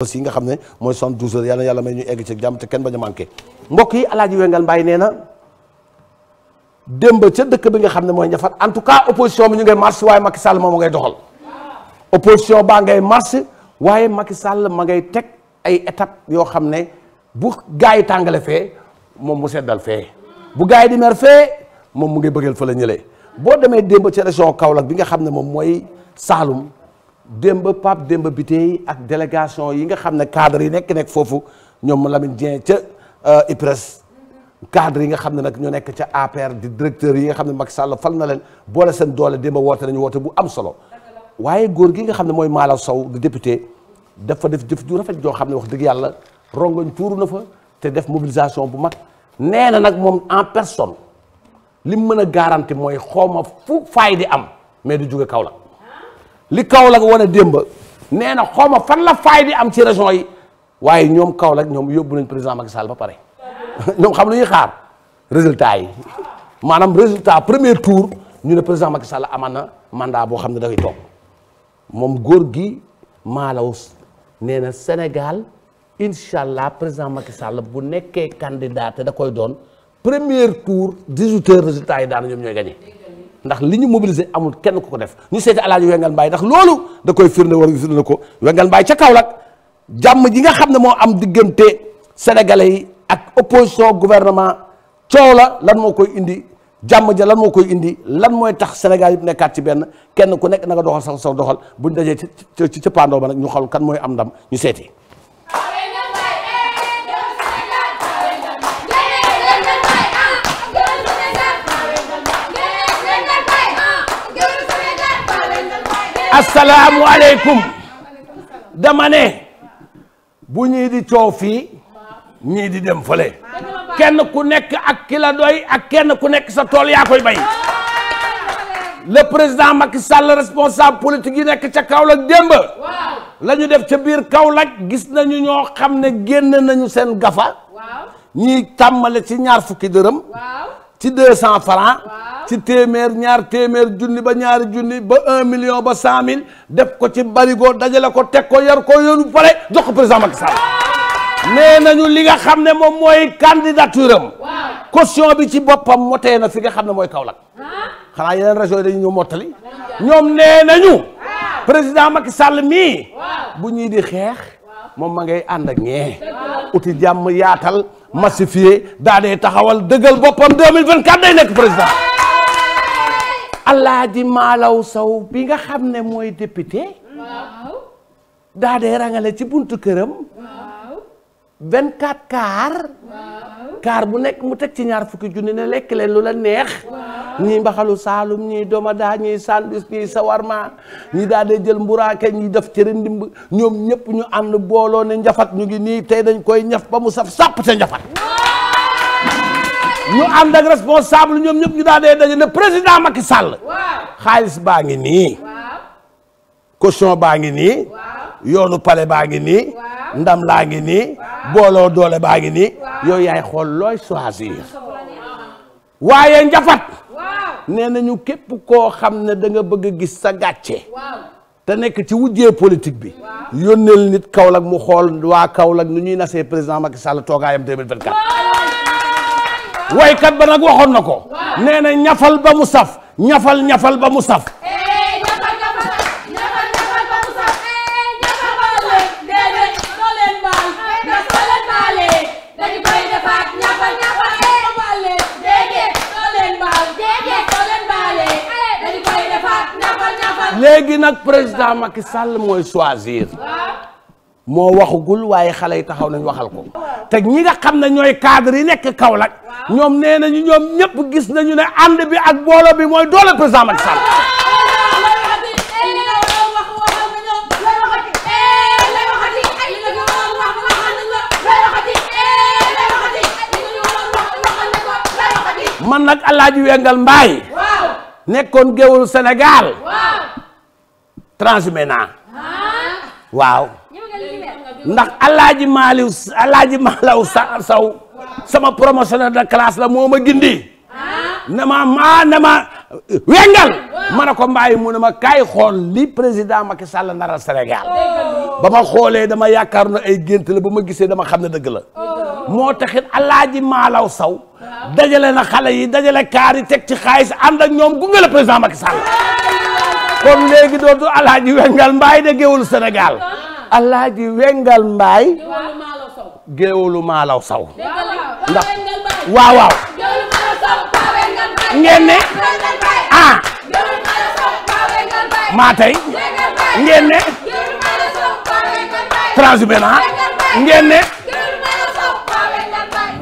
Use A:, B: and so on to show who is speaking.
A: aussi nga xam ne mooy 72 heures yàlla yàlla may ñu egg ci jàmm te kenn bañ a manqué mbokk yi alaaji Wengal Mbaye nee na démb ca dëkk bi nga xam ne mooy ñafat en tout cas opposition bi ñu ngay marche waaye Macky Sall moom ma ngay baa ngay marche waaye Macky Sall ma ngay teg ay étape yoo xam ne bu gars yi tàngale fee moom mu seddal fee bu gars yi di mer fee moom mu ngay bëggal fa la ñëlee boo demee démb ca région Kaolack bi nga xam ne moom mooy Saalum démb Pape démb Biteye ak délégation yi nga xam ne cadre yi nekk nekk foofu ñoom Lamine Dieng ca euh, IPRES cadre yi nga xam ne nag ñoo nekk ca APR di directeur yi nga xam ne Macky Sall fal na leen boole seen doole démba woote nañu woote bu am solo waaye góor gi nga xam ne mooy Malaw Sow di député dafa def jëf ju rafet joo xam ne wax dëgg yàlla rongoñ tuuru na fa te def mobilisation bu mag nee na nag moom en personne li mu mën a garanti mooy xawma fu faay di am mais du jóge Kaolack li Kaolack wane démb nee na xaw ma fan la faay bi am ci région yi waaye ñoom Kaolack ñoom yóbbu nañ président Macky Sall ba pare ñoom xam lu ñuy xaar résultat yi maanaam résultat premier tour ñu ne président Macky Sall amaan na mandat boo xam ne dafay toog moom góor gi maalaw nee na Sénégal incha allah président Macky Sall bu nekkee candidat te da koy doon premier tour 18 heures résultat yi daana ñoom ñooy gagné. ndax li ñu mobilisé amul kenn ku ko def ñu seeti alaaji Wengal Mbaay ndax loolu da koy firnde war firnde na ko Wengal Mbaay ca kaw Kaolack jàmm ji nga xam ne moo am diggante sénégalais yi ak opposition guvernement coow la lan moo koy indi jàmm ja lan moo koy indi lan mooy tax Sénégal yëpp nekkaat ci benn kenn ku nekk na nga doxal sax sa doxal buñ dajee ci ci ci pandaw ba nag ñu xool kan mooy am ndam ñu seeti asalaamualeykum dama ne bu ñii di coow fii ñii di dem fële kenn ku nekk ak ki doy ak kenn ku nekk sa tool yaa koy bay le président Macky Sall responsable politique yi nekk ca Kaolack démb lañu ñu def ca biir Kaolack gis nañu ñoo xam ne génn nañu seen gafa ñiy tàmmale ci ñaar fukki dërëm ci deux cent francs ci téeméer ñaar téeméer junni ba ñaari junni ba un million ba cent mille def ko ci barigo dajale ko teg ko yar ko yoonu pare jox ko président Macky Sall nee nañu li nga xam ne moom mooy candidature am caution bi ci boppam motee na fi nga xam ne mooy Kaolack xanaa yeneen région dañu ñëw mottali ñoom nee nañu président Macky Sall mii bu ñuy di xeex moom ma ngay ànd ak ñee uti jàmm yaatal massifié daa dee taxawal dëggal boppam 2024 day nekk président Alaaji Maalaw Sow bi nga xam ne mooy député daa dee rangale ci buntu këram 24 kaar kaar bu nekk mu teg ci ñaar fukki junni ne lekk leen lu la neex ñii mbaxalu saalum ñii domada ñii sandwich ñii sawarma ñii daal di jël mburaake ñii def cere ndimb ñoom ñëpp ñu ànd booloo ne njafat ñu ngi nii tey dañ koy ñaf ba mu saf sàpp te njafat ñu ànd ak responsable ñoom ñëpp ñu daal di daje ne président Macky sàll xaalis baa ngi nii caution baa ngi nii yoonu pale baa ngi nii ndam laa ngi nii booloo doole baa ngi nii yow yaay xool looy choisir waaye njafat nee nañu képp koo xam ne danga bëgg a gis sa gàcce te nekk ci wujjee politique bi yónneel nit Kaolack mu xool waa Kaolack nu ñuy nasee président Macky Sall toogaayam 2024 waykat ba nag waxoon na ko nee na ñafal ba mu saf ñafal ñafal ba mu saf léegi nag président Macky Sall mooy choisir moo waxagul waaye xale yi taxaw nañ waxal ko te ñi nga xam na ñooy cadre yi nekk Kaolack ñoom nee nañu ñoom ñëpp gis nañu ne ànd bi ak booloo bi mooy doole président Macky Sall. man nag Alaaji Wengal Mbaay nekkoon géwélu Sénégal transhumé naa ah. waaw ndax alaaji maaliw alaaji maalaw sa saw sama promotionnel de classe la moo ma gindi ah. na ma maa na ma wengal ma ne ko mbàyyi mu ne ma kaay xool li président Macky Sall nara Sénégal oh. ba ma xoolee dama yaakaar na ay gént la ba ma gisee dama xam ne dëgg la oh. moo taxit alaaji maalaw saw dajale na xale yi dajale kaar yi teg ci xaalis ànd ak ñoom gunge président Macky Sall comme léegi dootu alaaji wengal mbaay de géwul Sénégal alaaji wengal mbaay géwulu maalaw saw waaw waaw ngeen ne ah maa tey ngeen ne transhumé naa ngeen